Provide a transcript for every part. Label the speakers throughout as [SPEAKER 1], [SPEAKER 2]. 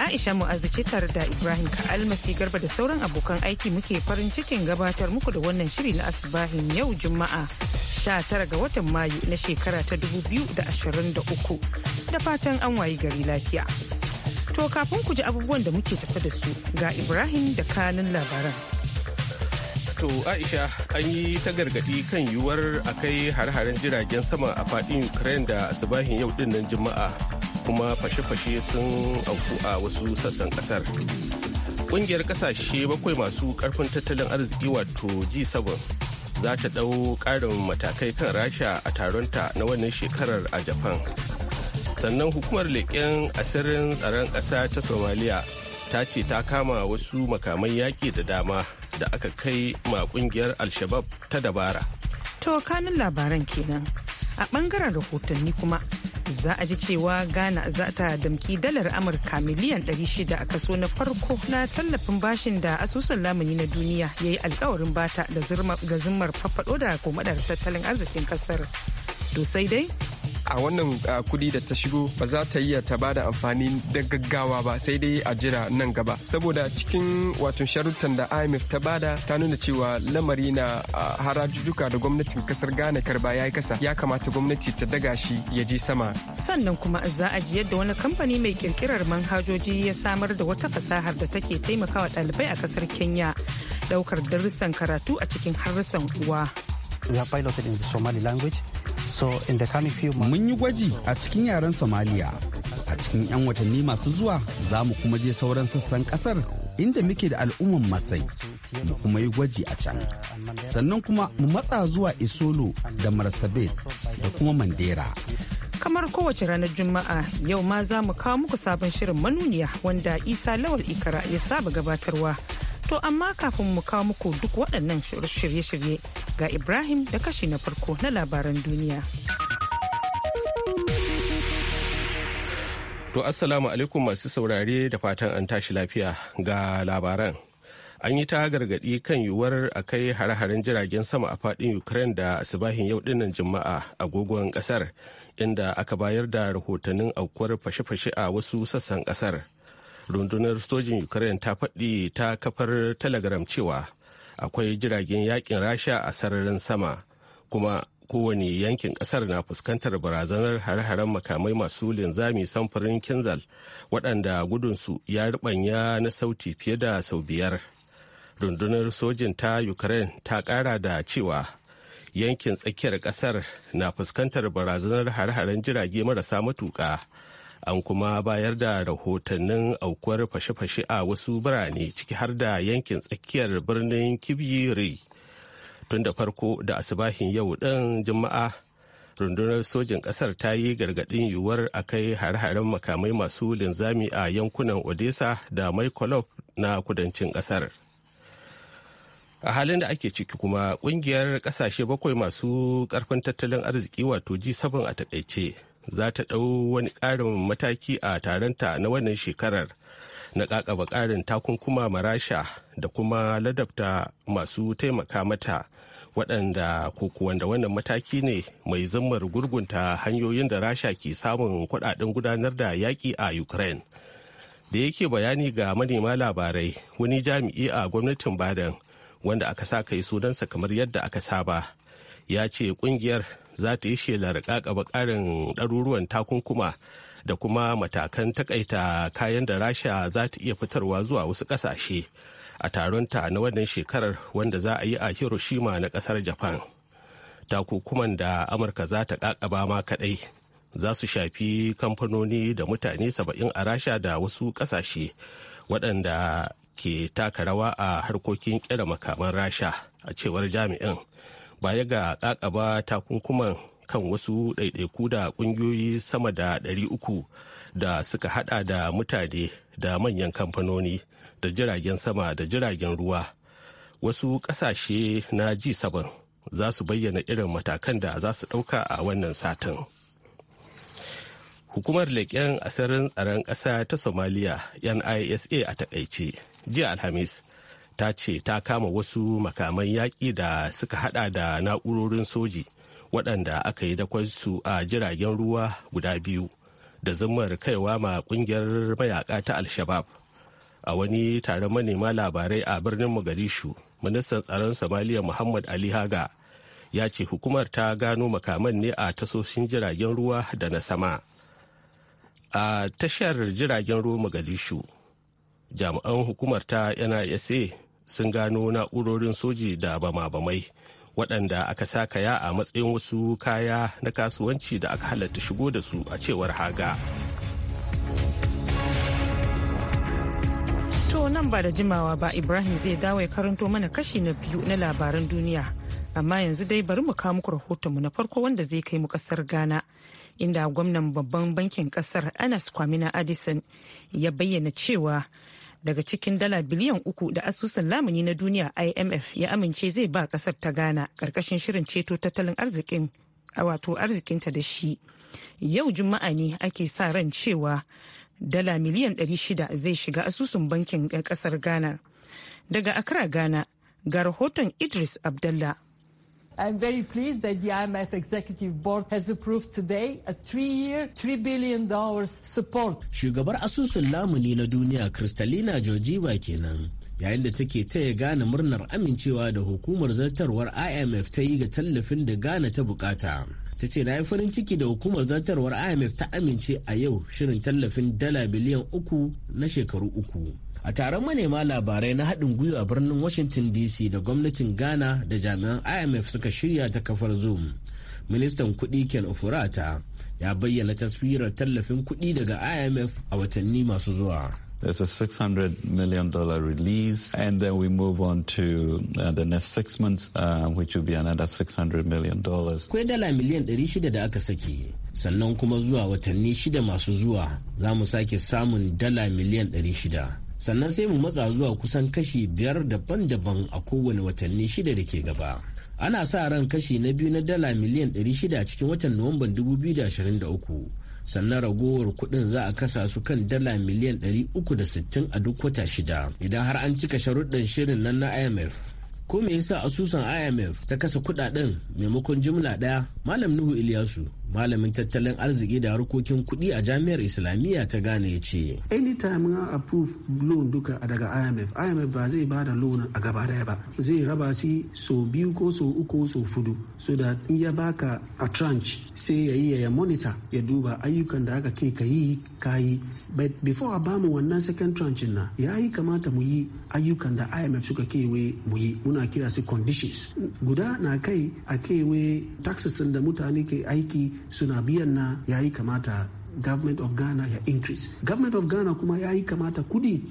[SPEAKER 1] Aisha Mu'azu ce tare da Ibrahim Ka'almasi Garba da sauran abokan aiki muke farin cikin gabatar muku da wannan shiri na asibahin yau Juma'a 19 ga watan Mayu na shekara ta 2023 da fatan an wayi gari lafiya. To kafin ku ji abubuwan da muke tafe da su ga Ibrahim da kanin labaran.
[SPEAKER 2] To Aisha an yi ta gargaɗi kan yiwuwar a kai har-haren jiragen sama a faɗin Ukraine da asibahin yau din nan Juma'a kuma fashe-fashe sun auku a wasu sassan ƙasar. Ƙungiyar ƙasashe bakwai masu ƙarfin tattalin arziki wato G7 za ta ɗau ƙarin matakai kan rasha a taronta na wannan shekarar a Japan. Sannan hukumar leƙen asirin tsaron ƙasa ta Somalia ta ce ta kama wasu makamai yaƙi da dama. da aka kai ma kungiyar alshabab ta dabara
[SPEAKER 1] to kanin labaran kenan a bangaren rahotanni kuma za a ji cewa ghana za ta damki dalar amurka miliyan 600 a kaso na farko na tallafin bashin da asusun lamuni na duniya ya yi alkawarin bata da zimmar faffado da komadar tattalin arzikin kasar to sai dai
[SPEAKER 3] a wannan kudi da ta shigo ba za ta iya ta bada amfani da gaggawa ba sai dai a jira nan gaba saboda cikin wato sharuttan da imf ta bada ta nuna cewa lamari na harajujuka da gwamnatin kasar ghana karba ya yi kasa ya kamata gwamnati ta daga shi ya je sama
[SPEAKER 1] sannan kuma za a ji yadda wani kamfani mai kirkirar manhajoji ya samar da wata fasahar da take taimakawa ɗalibai a kasar kenya daukar darussan karatu a cikin harsan uwa.
[SPEAKER 4] We have
[SPEAKER 5] piloted in the Somali language Mun yi gwaji a cikin yaren Somalia. A cikin 'yan watanni masu zuwa za mu kuma je sauran sassan kasar inda muke da al'umman Masai mu kuma yi gwaji a can. Sannan kuma mu matsa zuwa Isolo da Marsabit da kuma Mandera.
[SPEAKER 1] kamar kowace ranar juma'a yau ma za mu kawo muku sabon shirin manuniya wanda isa lawal ikara ya saba gabatarwa To amma kafin mu kawo muku duk waɗannan shirye-shirye ga Ibrahim da kashi na farko na labaran duniya.
[SPEAKER 2] To Assalamu alaikum masu saurare da fatan an tashi lafiya ga labaran. An yi ta gargaɗi kan yiwuwar a kai hare-haren jiragen sama a faɗin Ukraine da asibahin yau ɗinnan Juma'a agogon ƙasar inda aka bayar da rahotannin aukuwar fashe-fashe a wasu sassan ƙasar. rundunar sojin ukraine ta faɗi ta kafar telegram cewa akwai jiragen yakin rasha a sararin sama kuma kowane yankin kasar na fuskantar barazanar hare-haren makamai masu linzami samfurin kinzal waɗanda gudunsu ya ruɓanya na sauti fiye da sau biyar rundunar sojin ta ukraine ta ƙara da cewa yankin tsakiyar ƙasar na fuskantar barazanar hare-haren jirage marasa matuƙa an kuma bayar da rahotannin aukuwar fashe-fashe a wasu birane ciki har da yankin tsakiyar birnin kibiri tun da farko da asibahin yau ɗin juma'a rundunar sojin ƙasar ta yi gargaɗin yiwuwar a kai hare-haren makamai masu linzami a yankunan odessa da maikolov na kudancin ƙasar a halin da ake ciki kuma ƙungiyar kasashe bakwai masu ƙarfin tattalin arziki wato g7 a takaice za ta ɗau wani ƙarin mataki a taronta na wannan shekarar na ƙaƙaba ƙarin takunkuma marasha da kuma ladabta masu taimaka mata waɗanda wanda wannan mataki ne mai zammar gurgunta hanyoyin da rasha ke samun kuɗaɗen gudanar da yaƙi a ukraine da yake bayani ga manema labarai wani jami'i a gwamnatin badan wanda aka sa kai sunansa kamar yadda aka saba ya ce ƙungiyar. za ta yi shelar kakaba karin ɗaruruwan takunkuma da kuma matakan takaita kayan da rasha za ta iya fitarwa zuwa wasu ƙasashe a taron ta na wannan shekarar wanda za a yi a hiroshima na ƙasar japan takunkuman da amurka za ta kakaba ma kaɗai za su shafi kamfanoni da mutane saba'in a rasha da wasu ƙasashe waɗanda ke taka rawa a harkokin kera makaman rasha a cewar jami'in baya ga kakaba takunkuman kan wasu ɗaiɗaiku da ƙungiyoyi sama da ɗari uku da suka haɗa da mutane da manyan kamfanoni da jiragen sama da jiragen ruwa wasu ƙasashe na g7 za su bayyana irin matakan da za su ɗauka a wannan satin hukumar leƙen asirin tsaron ƙasa ta somaliya nisa a takaice jiya alhamis ta ce ta kama wasu makaman yaƙi da suka hada da na'urorin soji waɗanda aka yi su a jiragen ruwa guda biyu da zumar kaiwa ma ƙungiyar mayaƙa ta alshabab a wani taron manema labarai a birnin mogadishu ministan tsaron somaliya muhammad ali haga ya ce hukumar ta gano makaman ne a tasoshin jiragen ruwa da na sama a tashar jiragen ruwa mogadishu jami'an hukumar ta nisa sun gano na'urorin soji da bama-bamai waɗanda aka sakaya a matsayin wasu kaya na kasuwanci da aka halatta shigo da su a cewar haga.
[SPEAKER 1] To nan ba da jimawa ba Ibrahim zai dawo ya karanto mana kashi na biyu na labaran duniya. Amma yanzu dai bari mu kawo muku rahotonmu na farko wanda zai kai mu kasar Ghana. Inda gwamnan babban bankin kasar Anas Kwamina Addison ya bayyana cewa daga cikin dala biliyan uku da asusun lamuni na duniya imf ya amince zai ba kasar ta ghana karkashin shirin ceto tattalin arzikin a wato arzikinta da shi yau juma'a ne ake sa ran cewa dala miliyan 600 zai shiga asusun bankin eh, kasar ghana daga accra ghana ga rahoton idris abdallah I'm very pleased that the IMF Executive Board has approved today a three-year, $3 billion
[SPEAKER 6] support. Shugabar asusun lamuni na duniya Kristalina Georgieva kenan. yayin da take taya gane murnar amincewa da hukumar zartarwar imf ta yi ga tallafin da gane ta bukata ta ce na yi farin ciki da hukumar zartarwar imf ta amince a yau shirin tallafin dala biliyan uku na shekaru uku a taron manema labarai na haɗin gwiwa birnin washington dc da gwamnatin ghana da jami'an imf suka shirya ta kafar zoom ministan kuɗi ken ofurata ya bayyana taswirar tallafin kuɗi daga imf a watanni masu zuwa
[SPEAKER 5] There's a $600 million release, and then we move on to uh, the next six months, uh, which will be another $600 million.
[SPEAKER 6] Kwai dala miliyan shida da aka saki, sannan kuma zuwa watanni shida masu zuwa za mu sake samun dala miliyan shida. sannan sai mu matsa zuwa kusan kashi biyar daban-daban a kowane watanni shida da ke gaba ana sa ran kashi na biyu na dala miliyan 600 cikin watan nuwamban 2023 sannan ragowar kuɗin za a kasa su kan dala miliyan 360 a duk wata shida idan har an cika sharuɗin shirin nan na imf ko me yasa asusun imf ta kasa kudaden maimakon jumla ɗaya malam nuhu iliyasu malamin tattalin arziki da harkokin kuɗi a jami'ar islamiyya ta gane ya ce
[SPEAKER 5] anytime na approve loan duka daga imf imf ba zai bada loan a gaba daya ba zai raba shi so biyu ko so uku so fudu so da in ya baka a tranche sai ya yi ya monitor ya duba ayyukan da aka ke ka yi ka yi but before a bamu wannan second tranche na ya yi kamata mu yi ayyukan da imf suka kewe mu yi muna kira su conditions guda na kai a kewe taxes da mutane ke aiki suna biyan na ya yi kamata government of ghana ya increase government of ghana kuma ya yi kamata kudi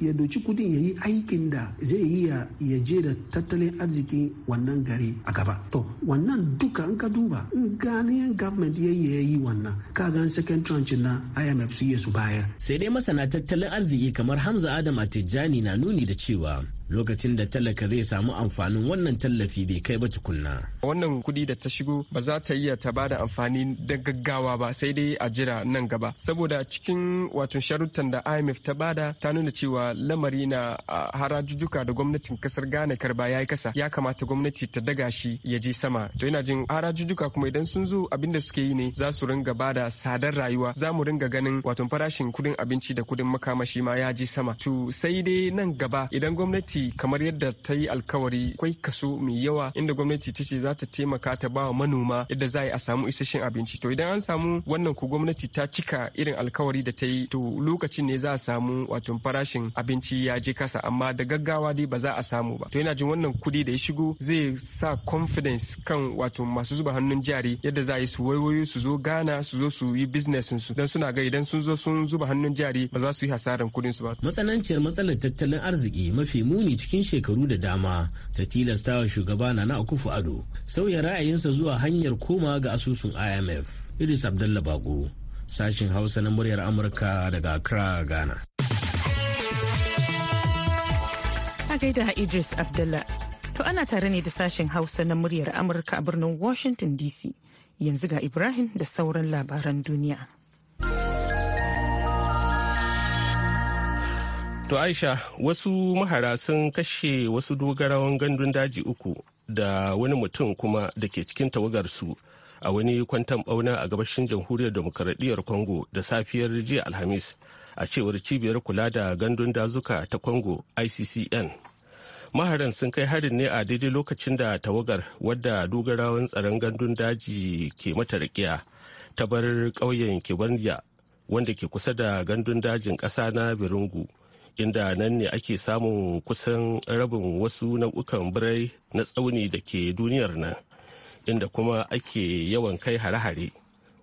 [SPEAKER 5] ya doci kudin ya yi aikin da zai yi ya je da tattalin arzikin wannan gari a gaba to wannan duka an ka duba in ghanaian government ya yi ya yi wannan ka gan second tranche na imf su
[SPEAKER 6] su bayar sai dai masana tattalin arziki kamar hamza adam a tijjani na nuni da cewa lokacin da talaka zai samu amfanin wannan tallafi bai kai ba tukunna.
[SPEAKER 3] Wannan kudi da ta shigo ba za ta iya ta bada amfani da gaggawa ba sai dai a jira nan gaba. Saboda cikin wato sharuttan da IMF ta bada ta nuna cewa lamari na harajujuka da gwamnatin kasar Ghana karba ya yi kasa ya kamata gwamnati ta daga shi ya je sama. To ina jin harajujuka kuma idan sun zo abinda suke yi ne za su ringa bada sadar rayuwa za mu ringa ganin wato farashin kudin abinci da kudin makamashi ma ya ji sama. To sai dai nan gaba idan gwamnati gwamnati kamar yadda ta yi alkawari kwai kaso mai yawa inda gwamnati ta ce za ta taimaka ta ba wa manoma yadda za a samu isasshen abinci to idan an samu wannan ku gwamnati ta cika irin alkawari da ta yi to lokacin ne za a samu wato farashin abinci ya je kasa amma da gaggawa dai ba za a samu ba to yana jin wannan kudi da ya shigo zai sa confidence kan wato masu zuba hannun jari yadda za a yi su waiwayo su zo gana su zo su yi business su dan suna ga idan sun zo sun zuba hannun jari ba za su yi hasaran kudin su ba matsananciyar matsalar tattalin arziki mafi muni sami
[SPEAKER 6] cikin shekaru da dama ta tilasta wa shugaba na na akufu ado sauya ra'ayinsa zuwa hanyar koma ga asusun imf idris abdallah bago sashin hausa na muryar amurka daga accra ghana
[SPEAKER 1] idris to ana tare ne da sashin hausa na muryar amurka a birnin washington dc yanzu ga ibrahim da sauran labaran duniya
[SPEAKER 2] To Aisha wasu mahara sun kashe wasu dogarawan gandun daji uku da wani mutum kuma da ke cikin tawagarsu a wani kwantan bauna a gabashin jamhuriyar demokaradiyyar Congo da safiyar jiya Alhamis a cewar cibiyar kula da gandun dazuka ta Congo ICCN. Maharan sun kai harin ne a daidai lokacin da tawagar wadda dogarawan tsaron gandun daji ke mata rikiya ta bar ƙauyen Kibarya wanda ke kusa da gandun dajin ƙasa na Birungu. inda nan ne ake samun kusan rabin wasu nau'ukan birai na tsauni da ke duniyar nan inda kuma ake yawan kai hare-hare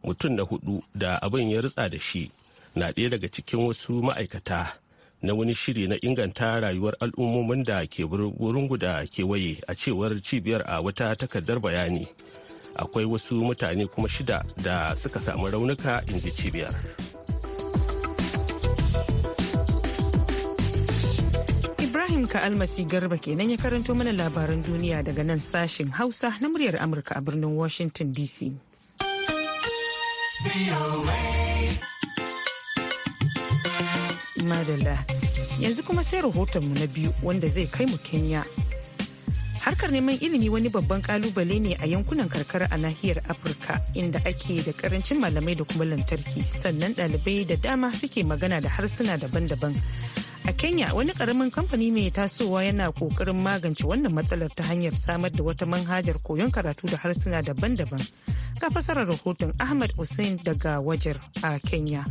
[SPEAKER 2] mutum na hudu da abin ya ritsa da shi na ɗaya daga cikin wasu ma'aikata na wani shiri na inganta rayuwar al'ummomin da ke wurin guda kewaye a cewar cibiyar a wata takardar bayani akwai wasu mutane kuma shida da suka samu raunuka inji cibiyar.
[SPEAKER 1] Ibrahim Ka'almasi Garba kenan ya karanto mana labaran duniya daga nan sashen Hausa na muryar Amurka a birnin Washington DC. Madalla. Yanzu kuma sai rahotonmu na biyu wanda zai kai mu Kenya. Harkar neman ilimi wani babban kalubale ne a yankunan karkara a nahiyar Afirka inda ake da karancin malamai da kuma lantarki sannan ɗalibai da dama suke magana da harsuna daban-daban. A Kenya wani karamin kamfani mai tasowa yana kokarin magance wannan matsalar ta hanyar samar da wata manhajar koyon karatu da harsuna daban-daban. Ga fasarar rahoton Ahmad Hussein daga Wajar a Kenya.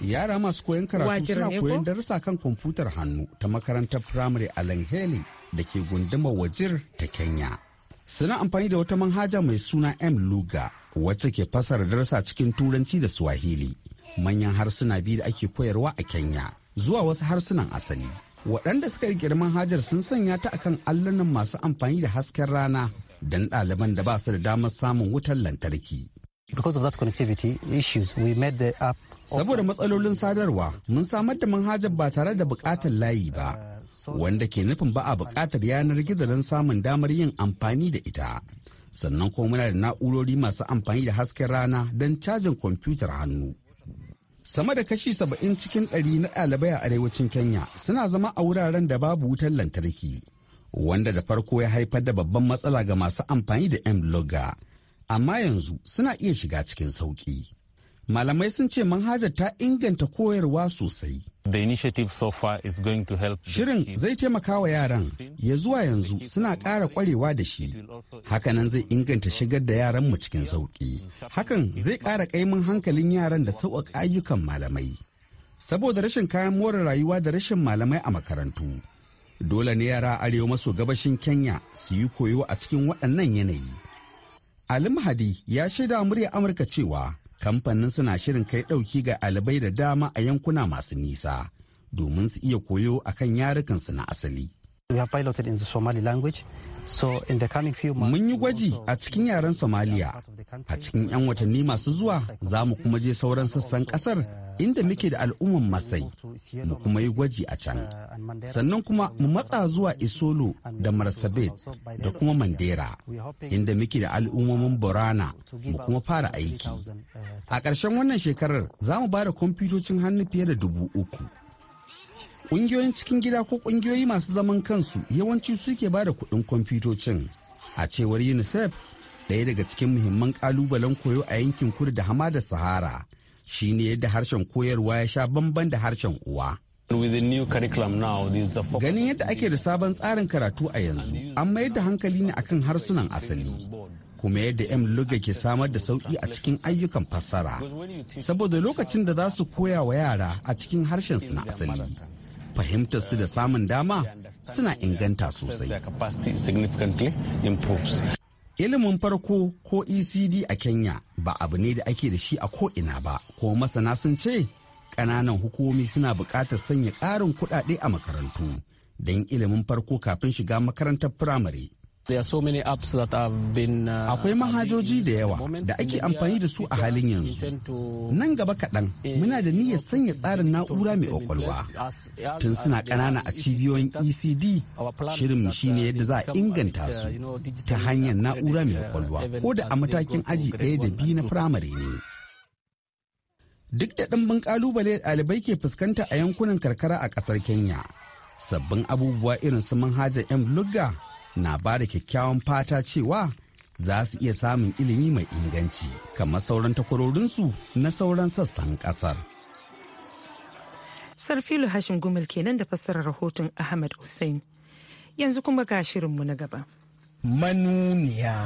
[SPEAKER 5] Yara masu koyon karatu suna koyon darussa kan kwamfutar hannu ta makarantar firamare a Langhele da ke gundumar Wajir ta Kenya. Suna amfani da wata manhaja mai suna M Luga wacce ke fasara darasa cikin Turanci da Swahili. manyan harsuna biyu da ake koyarwa a kenya zuwa wasu harsunan asali waɗanda suka ƙirƙiri manhajar sun sanya ta akan allunan masu amfani da hasken rana don ɗaliban da ba su da damar samun wutar lantarki. Because Saboda matsalolin sadarwa, mun samar da manhajar ba tare da buƙatar layi ba, wanda ke nufin ba a buƙatar yanar gizo don samun damar yin amfani da ita. Sannan kuma muna da na'urori masu amfani da hasken rana don cajin kwamfutar hannu. sama da kashi saba'in cikin ɗari na ɗalibai a arewacin kenya suna zama a wuraren da babu wutar lantarki wanda da farko ya haifar da babban matsala ga masu amfani da m loga amma yanzu suna iya shiga cikin sauƙi malamai sun ce manhajar ta inganta koyarwa sosai Shirin zai taimaka wa yaran ya zuwa yanzu suna ƙara ƙwarewa da shi. Hakanan zai inganta shigar da yaran mu cikin sauƙi. Hakan zai ƙara ƙaimin hankalin yaran da sauƙaƙa ayyukan malamai. Saboda rashin kayan more rayuwa da rashin malamai a makarantu. Dole ne yara arewa maso gabashin Kenya su yi koyo a cikin waɗannan yanayi. Ali Mahadi ya shaida murya Amurka cewa kamfanin suna shirin kai ɗauki ga ɗalibai da dama a yankuna masu nisa domin su iya koyo akan su na asali. We piloted in the Somali language Mun yi gwaji a cikin yaren Somalia. A cikin 'yan watanni masu zuwa za mu kuma je sauran sassan kasar inda muke da al'umman Masai, mu kuma yi gwaji a can. Sannan kuma mu matsa zuwa Isolo da Marsabit da kuma Mandera, inda muke da al'ummomin Borana mu kuma fara aiki. A ƙarshen wannan shekarar za mu ba da kwamfutocin hannu fiye da dubu uku. Ƙungiyoyin cikin gida ko ƙungiyoyi masu zaman kansu yawanci suke ba da kuɗin kwamfutocin. A cewar UNICEF, ɗaya daga cikin muhimman ƙalubalen koyo a yankin kudu da hama da Sahara shi ne yadda harshen koyarwa ya sha bamban da harshen uwa. Ganin yadda ake da sabon tsarin karatu a yanzu, an mayar da hankali ne akan harsunan asali. kuma yadda 'yan luga ke samar da sauƙi a cikin ayyukan fassara saboda lokacin da za su koya wa yara a cikin harshensu na asali fahimtar su da samun dama suna inganta sosai. Ilimin farko ko ECD a Kenya ba abu ne da ake da shi a ko'ina ba, ko masana sun ce ƙananan hukumi suna buƙatar sanya ƙarin kuɗaɗe a makarantu don ilimin farko kafin shiga makarantar firamare
[SPEAKER 6] Uh, Akwai mahajoji da
[SPEAKER 5] yawa da ake amfani da su a halin yanzu. Nan gaba kaɗan eh, muna da niyyar sanya tsarin na'ura mai ƙwaƙwalwa. Tun suna ƙanana a cibiyoyin ECD, shirinmu ne yadda za a inganta uh, su ta hanyar na'ura mai uh, ƙwaƙwalwa ko da a matakin aji ɗaya da biyu na firamare ne. Duk da ɗimbin ƙalubale ɗalibai ke fuskanta a yankunan karkara a ƙasar Kenya, sabbin abubuwa irin su manhajar 'yan lugga. na ba da kyakkyawan fata cewa za su iya samun ilimi mai inganci kamar sauran takwarorinsu na sauran sassan kasar.
[SPEAKER 1] Sarfilu Hashim Gumel kenan da fassarar rahoton Ahmad Hussein. Yanzu kuma ga shirinmu na gaba.
[SPEAKER 6] Manuniya.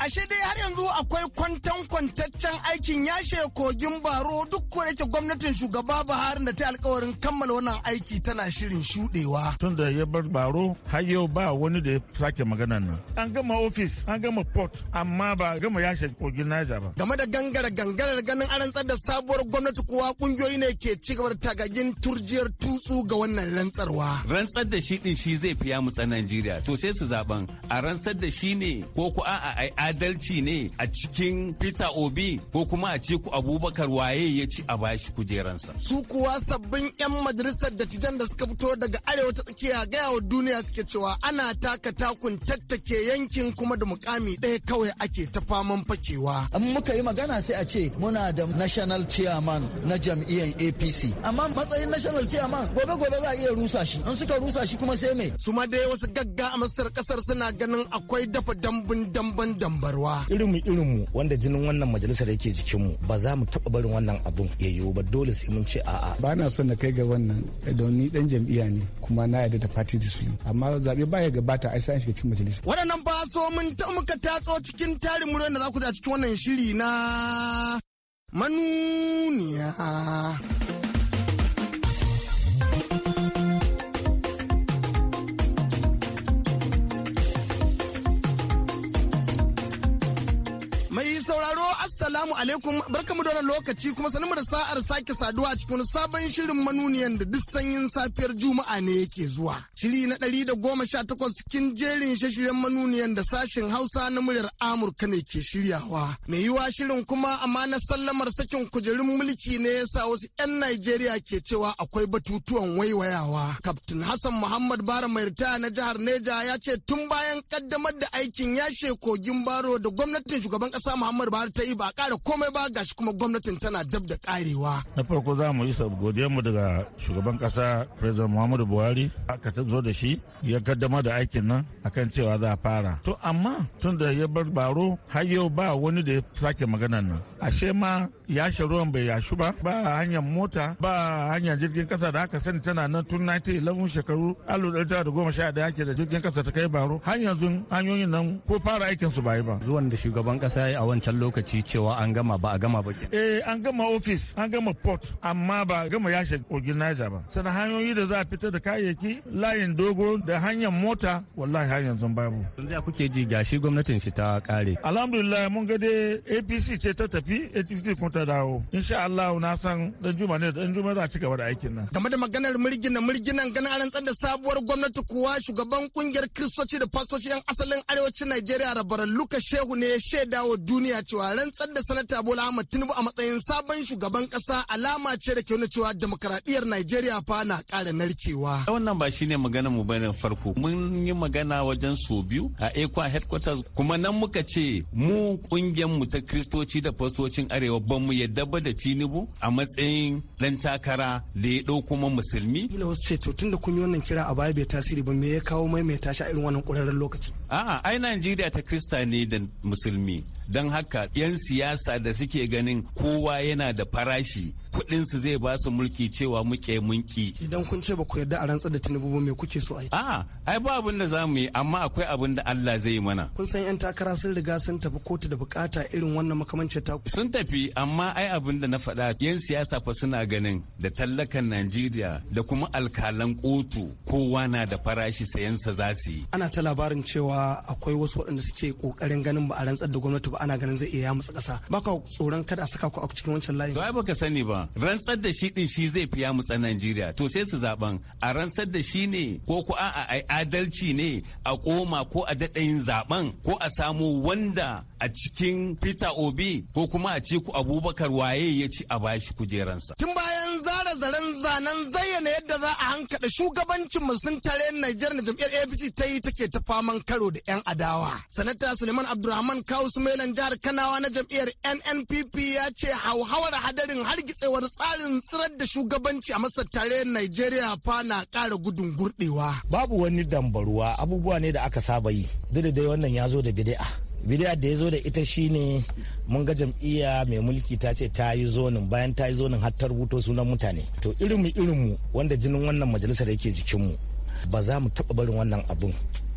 [SPEAKER 4] A dai har yanzu akwai kwantan kwantaccen aikin ya yashe kogin baro duk ko yake gwamnatin shugaba Buhari da ta alkawarin kammala
[SPEAKER 7] wannan aiki tana shirin shudewa. Tun da ya bar baro har yau ba wani da ya sake magana nan. An gama ofis, an gama port, amma ba gama ya yashe kogin Niger ba. Game da gangara gangarar ganin an rantsar da sabuwar gwamnati kuwa kungiyoyi ne ke ci gaba da tagagin turjiyar
[SPEAKER 4] tutsu ga wannan rantsarwa.
[SPEAKER 8] Rantsar da shi din shi zai fiya mu tsanan Najeriya. To sai su zaben a rantsar da shi ne ko ku a'a ai adalci ne a cikin fit sanata obi ko kuma a ce ku abubakar waye ya ci a bashi kujeransa
[SPEAKER 4] su kuwa sabbin yan majalisar dattijan da suka fito daga arewa ta tsakiya gaya wa duniya suke cewa ana taka takun tattake yankin kuma da mukami ɗaya kawai ake ta faman fakewa An muka yi magana
[SPEAKER 9] sai a ce muna da national chairman na jam'iyyar apc amma matsayin national chairman
[SPEAKER 4] gobe gobe za a iya rusa shi an suka rusa shi kuma sai me su ma dai wasu gagga a masar kasar suna ganin akwai dafa dambun damban dambarwa
[SPEAKER 10] irinmu irinmu wanda jinin wannan majalisar yake jikinmu ba za mu taba barin wannan abun ya ba dole sai mun ce a'a.
[SPEAKER 11] ba na son na kai ga wannan don ni dan jam'iyya ne kuma na yarda da party discipline amma zabe ba ya gabata ai sai an shiga cikin majalisa.
[SPEAKER 4] waɗannan ba so mun ta muka tatso cikin tarin muryoyin da za ku ja cikin wannan shiri na manuniya. Assalamu alaikum barkamu da wannan lokaci kuma sanin da sa'ar sake saduwa cikin wani sabon shirin manuniyan da duk sanyin safiyar Juma'a ne yake zuwa. Shiri na ɗari da goma sha takwas cikin jerin shashiren manuniyan da sashen Hausa na muryar Amurka ne ke shiryawa. Mai yiwa shirin kuma amma na sallamar sakin kujerun mulki ne ya sa wasu 'yan Najeriya ke cewa akwai batutuwan waiwayawa. Kaftin Hassan Muhammad Bara mai ritaya na jihar Neja ya ce tun bayan kaddamar da aikin yashe kogin baro da gwamnatin shugaban ƙasa Muhammad bara ta yi ba kare komai ba gashi kuma gwamnatin tana dab da karewa
[SPEAKER 7] Na farko za mu isa mu daga shugaban kasa President Muhammadu Buhari aka zo da shi ya kaddama da aikin nan akan cewa za a fara. To amma tun da ya bar baro har yau ba wani da ya sake maganan nan. Ashe ma yashe ruwan bai yashu ba ba hanyar mota ba hanyar jirgin kasa da aka sani tana nan tun 1911 shekaru 1911 ke da jirgin ƙasa ta kai baro har yanzu hanyoyin nan ko fara aikin su ba yi ba. Zuwan da shugaban kasa ya yi a wancan lokaci cewa an gama ba a gama ba Eh an gama office an gama port amma ba gama yashe kogin Niger ba. Sana hanyoyi da za a fitar da kayayyaki layin dogo da hanyar mota wallahi har yanzu babu. Yanzu ya kuke ji gashi gwamnatin shi ta kare. Alhamdulillah mun ga dai APC ce ta tafi APC kun ta dawo. Insha Allah na san dan Juma ne dan Juma za a ci gaba da aikin nan. Game da maganar mirgina mirginan ganin rantsar da sabuwar gwamnati kuwa shugaban kungiyar Kiristoci da pastoci yan
[SPEAKER 4] asalin arewacin Najeriya rabaran Luka Shehu ne ya shaidawa duniya cewa rantsar da sanata Bola Ahmad Tinubu a matsayin sabon shugaban kasa alama ce da ke nuna cewa demokaradiyyar Najeriya fa na ƙara narkewa.
[SPEAKER 8] Wannan ba shine magana mu bane farko. Mun yi magana wajen so biyu a Ekwa headquarters kuma nan muka ce mu kungiyar mu ta kristoci da fastocin arewa ba mu yadda ba da Tinubu a matsayin dan takara da ya dauko mu musulmi.
[SPEAKER 4] Kila wasu ce to tunda kun yi wannan kira a baya bai tasiri ba me ya kawo maimaita shi a irin wannan ƙurarren lokaci.
[SPEAKER 8] A'a ai Najeriya ta krista ne da musulmi. don haka 'yan siyasa da suke ganin kowa yana da farashi kuɗin su zai ba su mulki cewa muke mulki
[SPEAKER 4] idan kun ce ba ku yarda a rantsar da tinubu ba me kuke so ai
[SPEAKER 8] a ai ba abin da za yi amma akwai abin da Allah zai yi mana
[SPEAKER 4] kun san yan takara sun riga sun tafi kotu da bukata irin wannan makamancin ta
[SPEAKER 8] sun tafi amma ai abin da na faɗa yan siyasa fa suna ganin da tallakan Najeriya da kuma alkalan kotu kowa na da farashi sayan sa za su yi
[SPEAKER 4] ana ta labarin cewa akwai wasu waɗanda suke kokarin ganin ba a rantsar da gwamnati ba ana ganin zai iya yamutsa ƙasa ba ka tsoron kada a saka ku a cikin wancan layin
[SPEAKER 5] to
[SPEAKER 8] ai baka sani ba Ransar rantsar da shi din shi zai fiya mu Najeriya to sai su zaben a rantsar da shi ne ko ku a a adalci ne a koma ko a daɗayin zaben ko a samu wanda a cikin Peter Obi ko kuma a ci ku Abubakar waye ya ci a bashi kujeransa.
[SPEAKER 4] Tun bayan zara zaren zanen zayyana yadda za a hankada shugabancin sun tare Najeriya da jam'iyyar APC ta yi take ta faman karo da 'yan adawa. Sanata Suleiman Abdulrahman Kawu Sumailan jihar Kanawa na jam'iyyar NNPP ya ce hauhawar hadarin hargitse cewar tsarin tsirar da shugabanci a masar tarayyar Najeriya fa na kara gudun gurɗewa.
[SPEAKER 10] Babu wani dambaruwa abubuwa ne da aka saba yi. Duk dai wannan ya zo da bid'a. Bid'a da ya zo da ita shine mun ga jam'iyya mai mulki ta ce ta yi zonin bayan ta yi zonin har ta rubuto sunan mutane. To irinmu irinmu wanda jinin wannan majalisar yake jikinmu ba za mu taɓa barin wannan abun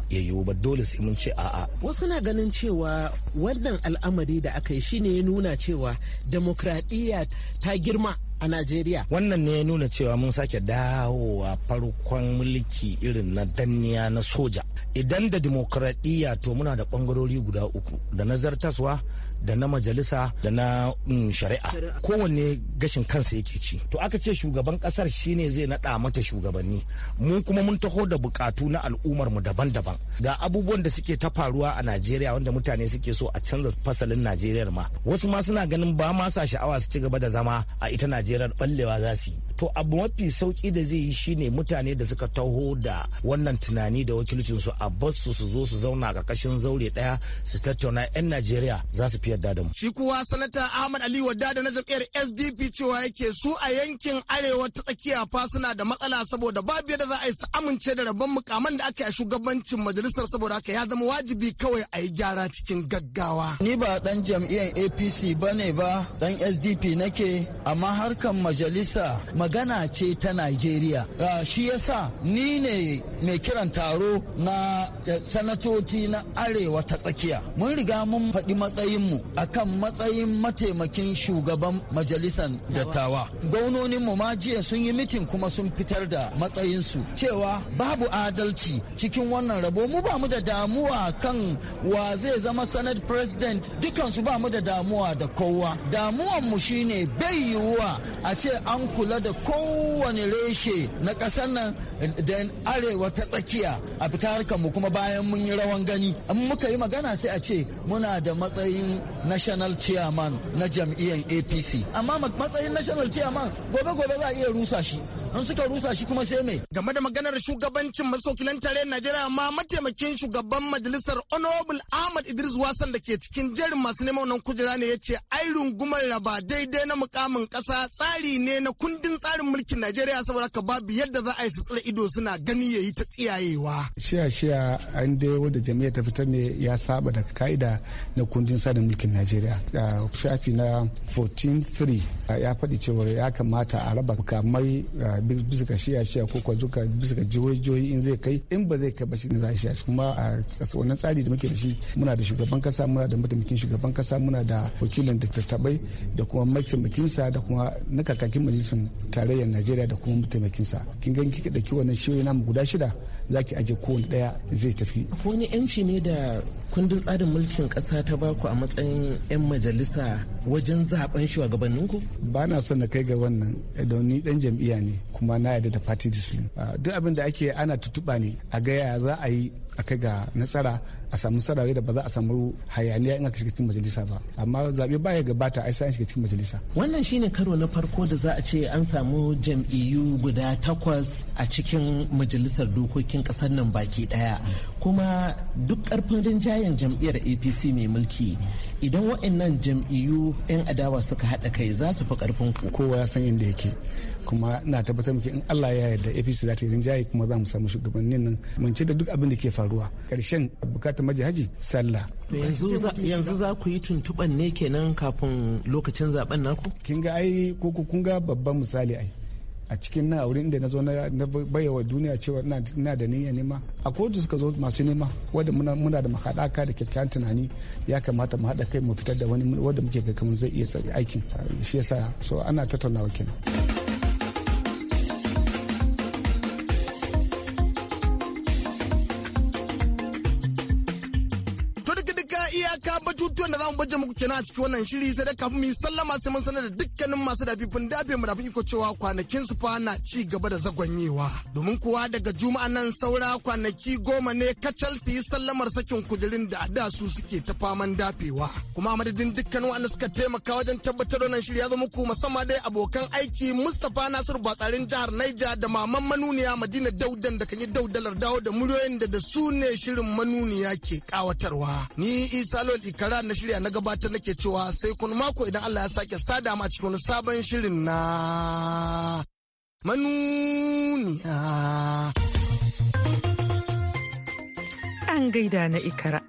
[SPEAKER 10] ya yiwu ba dole sai mun ce a'a.
[SPEAKER 6] Wasu na ganin cewa wannan al'amari da aka yi shine ya nuna cewa demokradiyya ta girma a Najeriya.
[SPEAKER 10] Wannan ne ya nuna cewa mun sake dawowa farkon mulki irin na danniya na soja. Idan da demokradiyya to muna da bangarori guda uku da nazartaswa da na majalisa da na mm, shari'a kowanne gashin kansa yake ci to aka ce shugaban kasar shine zai naɗa mata shugabanni mun kuma mun taho da bukatu na al'ummar mu daban-daban ga abubuwan da suke ta faruwa a Najeriya wanda mutane suke so a canza fasalin Najeriya ma wasu ma suna ganin ba ma sa sha'awa su ci gaba da zama a ita Najeriya ballewa za su yi to abu mafi sauki da zai yi shine mutane da suka taho da wannan tunani da wakilcin su a basu su zo su zauna kakashin zaure ɗaya su tattauna yan najeriya za su fi yadda da mu
[SPEAKER 4] shi kuwa sanata ahmad ali wadda da na jam'iyyar sdp cewa yake su a yankin arewa ta tsakiya fa suna da matsala saboda babu yadda za a yi su amince da rabon mukaman da aka yi a shugabancin majalisar saboda haka ya zama wajibi kawai a yi gyara cikin gaggawa
[SPEAKER 9] ni ba dan jam'iyyar apc ba ne ba dan sdp nake amma harkan majalisa magana ce ta Najeriya. Ah, shi yasa ni ne mai kiran taro na eh, sanatoci na arewa ta tsakiya. Mun riga mun faɗi matsayinmu kan matsayin mataimakin shugaban majalisar dattawa. mu ma jiya sun yi mitin kuma sun fitar da matsayinsu cewa babu adalci cikin wannan rabo mu ba mu da damuwa kan wa zai zama senate president dukansu ba mu da damuwa da kowa. Damuwanmu shine bai yiwuwa a ce an kula da kowane reshe na ƙasar nan da arewa ta tsakiya a fita harkarmu mu kuma bayan mun yi rawan gani an muka yi magana sai a ce muna da matsayin national chairman na jam'iyyar
[SPEAKER 4] apc amma matsayin national chairman gobe gobe za a iya rusa shi an suka rusa shi kuma sai mai. Game da maganar shugabancin masokilan tarayyar Najeriya ma mataimakin shugaban majalisar Honorable Ahmad Idris Wasan da ke cikin jerin masu neman wannan kujera ne ya ce ai rungumar raba daidai na mukamin kasa tsari ne na kundin tsarin mulkin Najeriya saboda ka babu yadda za a yi su ido suna gani yayi ta tsiyayewa.
[SPEAKER 11] Shiya shiya an dai wanda jami'a ta fitar ne ya saba da ka'ida na kundin tsarin mulkin Najeriya. A shafi na 14.3 ya faɗi cewa ya kamata a raba kamai bisa ga shiya shiya ko kwa duka bisa ga jihohi in zai kai in ba zai kai ba shi ne za a shiya kuma a wannan tsari da muke da shi muna da shugaban kasa muna da mataimakin shugaban kasa muna da wakilin da tattabai da kuma mataimakinsa da kuma na kakakin majalisar tarayyar najeriya da kuma sa kin gan kika dauki wannan shiyoyi na guda shida za ki aje kowane daya zai tafi
[SPEAKER 6] wani yanci ne da kundin tsarin mulkin kasa ta baku a matsayin yan majalisa wajen zaben shugabannin ku ba na
[SPEAKER 11] son na kai ga wannan don ni dan jam'iyya ne kuma na yarda da party discipline ah, duk abin da ake ana tutuba ne a ga ya za a yi a kai ga nasara a samu sarari da ba za a samu hayaniya in aka shiga cikin majalisa ba amma zaɓe baya gabata ai sai an shiga cikin majalisa
[SPEAKER 6] wannan shine karo na farko da za a ce an samu jam'iyyu guda takwas a cikin majalisar dokokin kasar nan baki ɗaya kuma duk ƙarfin rinjayen jam'iyyar apc mai mulki idan waɗannan jam'iyyu 'yan adawa suka haɗa kai za su fi ƙarfin ku kowa ya san inda yake kuma na tabbatar muke in Allah ya yarda
[SPEAKER 11] APC za ta yi rinjaye kuma za mu samu shugabannin nan mun ce da duk abin da ke faruwa karshen bukatar majihaji sallah yanzu
[SPEAKER 6] za ku yi tuntuɓan ne kenan kafin lokacin
[SPEAKER 11] zaben naku kin ga ai ko kun ga babban misali ai a cikin nan wurin da na zo na bayawa duniya cewa ina da niyya nema a kotu suka zo masu nema wanda muna da mahaɗaka da kyakkyawan tunani ya kamata mu haɗa kai mu fitar da wani wanda muke ga kamar zai iya aikin shi yasa so ana tattaunawa kenan.
[SPEAKER 4] muku kenan a cikin wannan shiri sai da kafin mu sallama sai mun sanar da dukkanin masu dafifin dafe mu dafin iko cewa kwanakin su fa na ci gaba da zagwanyewa. Domin kuwa daga juma'a nan saura kwanaki goma ne kacal su yi sallamar sakin kujerin da a da su suke ta faman dafewa. Kuma a madadin dukkanin waɗanda suka taimaka wajen tabbatar da wannan shiri ya zo muku musamman dai abokan aiki Mustapha Nasiru Batsarin jihar Naija da Maman Manuniya Madina Daudan da kan yi daudalar dawo da muryoyin da da su ne shirin manuniya ke kawatarwa. Ni Isa Lol Ikara na shirya na gabatar ta nake cewa sai kun mako idan Allah ya sake sada ma cikin wani sabon shirin na manuniya.
[SPEAKER 1] An gaida na ikara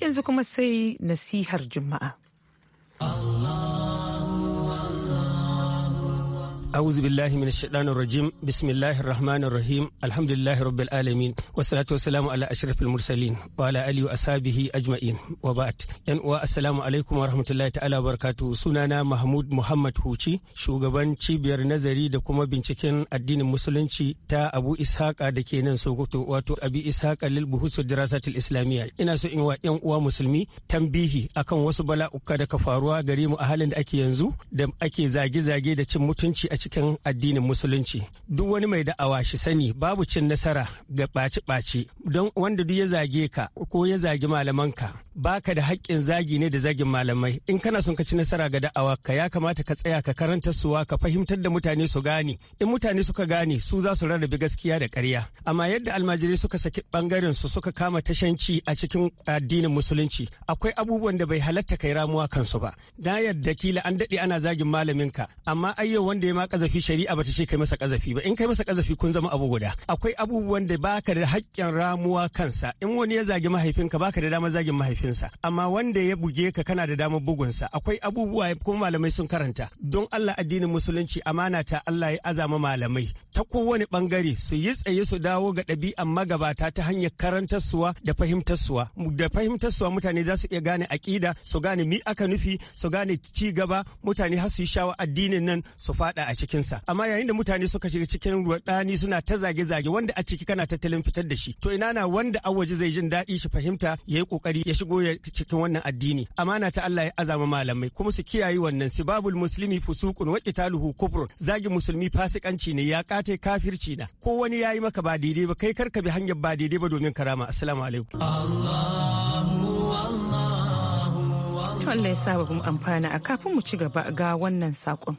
[SPEAKER 1] yanzu kuma sai nasihar Juma'a.
[SPEAKER 12] أعوذ بالله من الشيطان الرجيم بسم الله الرحمن الرحيم الحمد لله رب العالمين والصلاة والسلام على أشرف المرسلين وعلى آله وأصحابه أجمعين yan uwa assalamu alaikum wa rahmatullahi ta'ala barakatu sunana Mahmud Muhammad Huci shugaban cibiyar nazari da kuma binciken addinin musulunci ta Abu Ishaqa da ke nan Sokoto wato Abi Ishaqa lil Buhus Dirasatil Islamiyya ina so in wa yan uwa musulmi tambihi akan wasu bala'uka daga faruwa gare mu a halin da ake yanzu da ake zage-zage da cin mutunci a cikin addinin musulunci duk wani mai da'awa shi sani babu cin nasara ga ɓaci-ɓaci don wanda duk ya zage ka ko ya zagi malamanka baka da haƙƙin zagi ne da zagin malamai in kana son ka ci nasara ga da'awa ka ya kamata ka tsaya ka karanta suwa ka fahimtar da mutane su gane in mutane suka gane su za su rarrabe gaskiya da ƙarya amma yadda almajirai suka saki bangaren su suka kama tashanci a cikin addinin musulunci akwai abubuwan da bai halatta kai ramuwa kansu ba na yadda kila an daɗe ana zagin malaminka amma ayyo wanda ya ma kazafi shari'a ta ce kai masa kazafi ba in kai masa kazafi kun zama abu guda akwai abubuwan da baka da haƙƙin ramuwa kansa in wani ya zagi mahaifinka baka da damar zagin mahaifinsa amma wanda ya buge ka kana da damar bugun sa akwai abubuwa kuma malamai sun karanta don Allah addinin musulunci amana ta Allah ya azama malamai ta kowane bangare su yi tsaye su dawo ga ɗabi'an magabata ta hanyar karantar karantarsuwa da fahimtarsuwa da fahimtarsuwa mutane za su iya gane aƙida su gane mi aka nufi su gane ci gaba mutane har su yi shawa addinin nan su faɗa a cikinsa amma yayin da mutane suka shiga cikin ruɗani suna ta zage-zage wanda a ciki kana tattalin fitar da shi to ina na wanda a waje zai jin daɗi shi fahimta ya yi ƙoƙari ya shigo ya cikin wannan addini amana ta Allah ya azama malamai kuma su kiyaye wannan sibabul muslimi fusuqun wa qitaluhu kufrun zagi musulmi fasikanci ne ya kate kafirci na ko wani yayi maka ba daidai ba kai karka bi hanyar ba daidai ba domin karama assalamu alaikum Allah
[SPEAKER 1] ya sa amfana a kafin mu ci gaba ga wannan saƙon.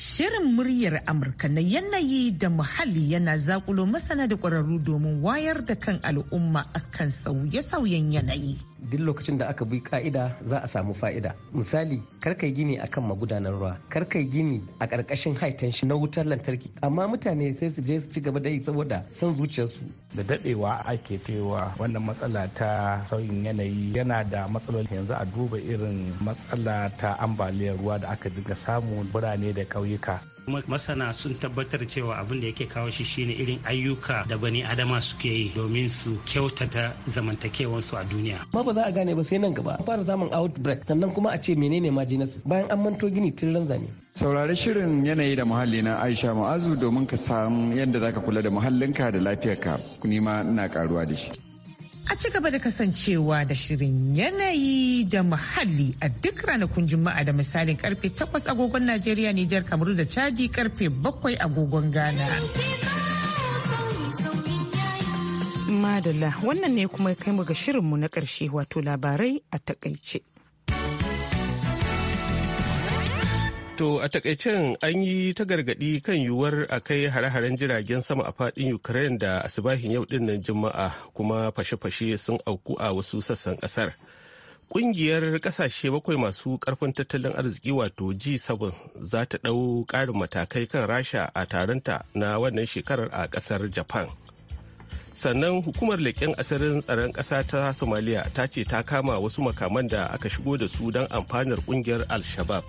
[SPEAKER 1] Shirin muryar Amurka na yanayi da muhalli yana zakulo masana da ƙwararru domin wayar da kan al'umma akan sauye-sauyen yanayi.
[SPEAKER 12] duk lokacin da aka bi ka'ida za a samu fa'ida
[SPEAKER 6] misali karkai gini a akan magudanar ruwa karkai gini a ƙarƙashin haitan shi. na wutar lantarki amma mutane sai su je su ci gaba da yi saboda son zuciyarsu da dadewa ake
[SPEAKER 11] cewa wannan matsala ta sauyin yanayi yana da matsaloli yanzu a duba irin matsala ta ambaliyar ruwa da aka dinga samu birane da ƙauyuka
[SPEAKER 8] masana sun
[SPEAKER 12] tabbatar cewa abin da yake kawo shi shine irin ayyuka da bani adama suke yi domin su
[SPEAKER 6] kyautata zamantakewansu a duniya ma ba za a gane ba sai nan gaba fara zaman outbreak sannan kuma a ce menene majinasis bayan an manto gini tun ranzani
[SPEAKER 3] saurari shirin yanayi da muhalli na aisha ma'azu domin ka samu yadda zaka kula da muhallinka da lafiyarka nima ina karuwa da shi
[SPEAKER 1] a ci gaba da kasancewa da shirin yanayi da muhalli a duk ranakun juma'a da misalin karfe 8 agogon najeriya nijar kamaru da chadi karfe 7 agogon ghana madalla wannan ne kuma kai mu ga shirinmu na karshe wato labarai a takaice
[SPEAKER 2] To a takaicen an yi ta gargaɗi kan yiwuwar a kai hare-haren jiragen sama a faɗin Ukraine da asibahin yau nan Juma'a kuma fashe-fashe sun auku a wasu sassan kasar. Ƙungiyar ƙasashe bakwai masu ƙarfin tattalin arziki wato G7 za ta ɗau ƙarin matakai kan Rasha a taronta na wannan shekarar a ƙasar Japan. sannan hukumar leƙen asirin tsaron ƙasa ta somaliya ta ce ta kama wasu makaman da aka shigo da su don amfanar ƙungiyar al-shabab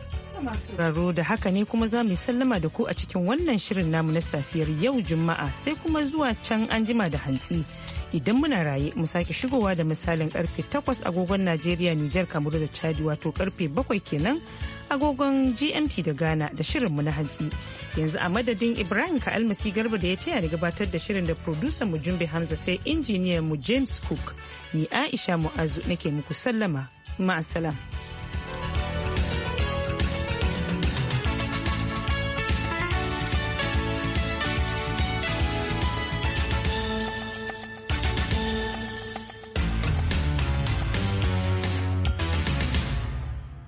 [SPEAKER 1] Raro da haka ne kuma za mu sallama da ku a cikin wannan shirin namu na safiyar yau Juma'a sai kuma zuwa can an jima da hantsi. Idan muna raye mu sake shigowa da misalin karfe 8 agogon Najeriya Nijar Kamaru da Chadi wato karfe 7 kenan agogon GMT da Ghana da shirin mu na hantsi. yanzu a madadin ibrahim ka almasi garba da ya taya da gabatar da shirin da producer mu jumbe hamza sai injiniyan mu james cook ni aisha mu'azu nake muku sallama ma'asalam.